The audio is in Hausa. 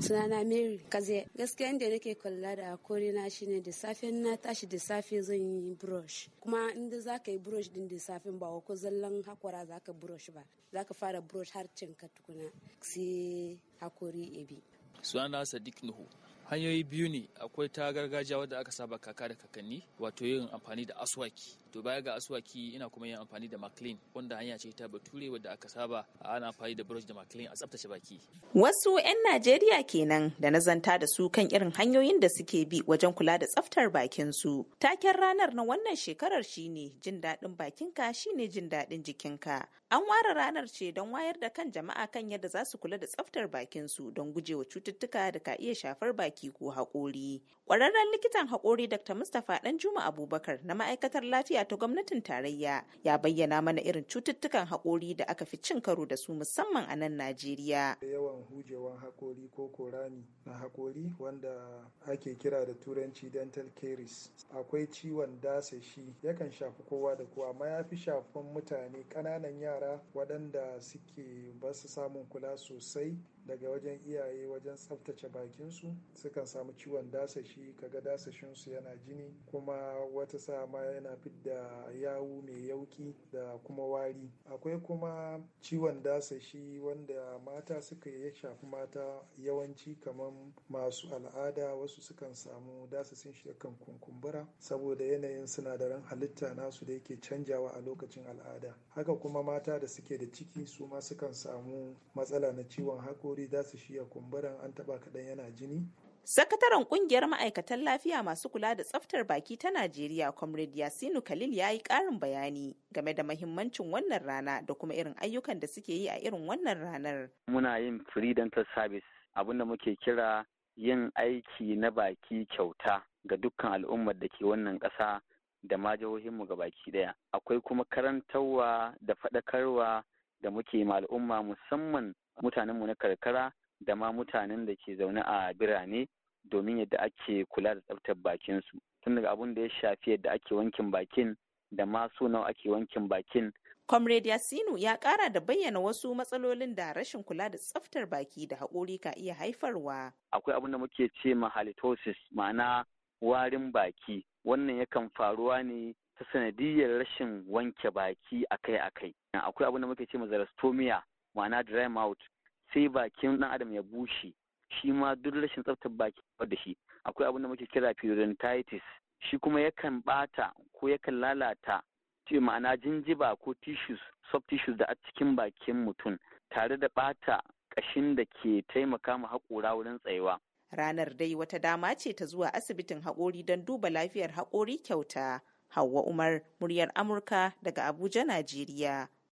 sunana mary kaze gaskiya inda nake kula da kore na shine da safe na tashi da safe zan yi brush kuma inda za ka yi brush din da safen ba ko zallan hakora za ka brush ba za ka fara brush har ka tukuna sai hakori ebi sunana sadiq nuhu hanyoyi biyu ne akwai ta gargajiya wadda aka saba kaka da kakanni wato yin amfani da aswaki to baya ga aswaki ina kuma yin amfani da maclean wanda hanya ce ta bature wadda aka saba ana amfani da brush da maclean a tsaftace baki wasu 'yan najeriya kenan da na zanta da su kan irin hanyoyin da suke bi wajen kula da tsaftar bakin su taken ranar na wannan shekarar shine jin daɗin bakinka shine jin daɗin jikinka an ware ranar ce don wayar da kan jama'a kan yadda za su kula da tsaftar bakin su don gujewa cututtuka da ka iya shafar baki baki ko haƙori. Ƙwararren likitan haƙori Dr. Mustapha juma Abubakar na ma'aikatar lafiya ta gwamnatin tarayya ya bayyana mana irin cututtukan haƙori da aka fi cin karo da su musamman a nan Najeriya. Yawan hujewan haƙori ko korani na haƙori wanda ake kira da turanci dental caries. Akwai ciwon dasashi yakan shafi kowa da kowa amma ya fi shafan mutane ƙananan yara waɗanda suke ba su samun kula sosai daga wajen iyaye wajen tsaftace bakinsu sukan samu ciwon dasashi kaga dasashinsu yana jini kuma wata sa ma yana fidda yawu mai yauki da kuma wari akwai kuma ciwon dasashi wanda mata suka ya shafi mata yawanci kamar masu al'ada wasu sukan samu dasashin shi kan kunkumbura saboda yanayin sinadaran halitta nasu da yake canjawa a lokacin al'ada haka kuma mata da suke da ciki su ma sukan samu matsala na ciwon haƙori dasashi ya kumburan an taɓa kaɗan yana jini Sakataren kungiyar ma'aikatan lafiya masu kula da tsaftar baki ta Najeriya, Comrade Yasinu Khalil ya yi ƙarin bayani game da mahimmancin wannan rana da kuma irin ayyukan da suke yi a irin wannan ranar. Muna yin free dental service abinda muke kira yin aiki na baki kyauta ga dukkan al'ummar da ke wannan ƙasa da ma jihohinmu ga baki ɗaya. Akwai kuma karantarwa da faɗakarwa da muke ma al'umma musamman mutanenmu na karkara da ma mutanen da ke zaune a birane domin yadda ake kula da tsaftar bakin su tun daga abun da ya shafi yadda ake wankin bakin da masu nawa ake wankin bakin Comrade Yasinu ya kara da bayyana wasu matsalolin da rashin kula da tsaftar baki da haƙori ka iya haifarwa. Akwai abin da muke ce ma halitosis ma'ana warin baki wannan yakan faruwa ne ta sanadiyar rashin wanke baki akai-akai. Akwai abin da muke ce zarastomia ma'ana dry mouth sai bakin ɗan adam ya bushe shi ma duk rashin tsaftar baki da shi akwai abin da muke kira periodontitis shi kuma yakan bata ko yakan lalata ce ma'ana jinjiba ko tissues soft tissues da a cikin bakin mutum tare da bata kashin da ke taimaka mu haƙora wurin tsayuwa ranar dai wata dama ce ta zuwa asibitin haƙori don duba lafiyar hakori kyauta Hauwa Umar, muryar Amurka daga Abuja, Najeriya.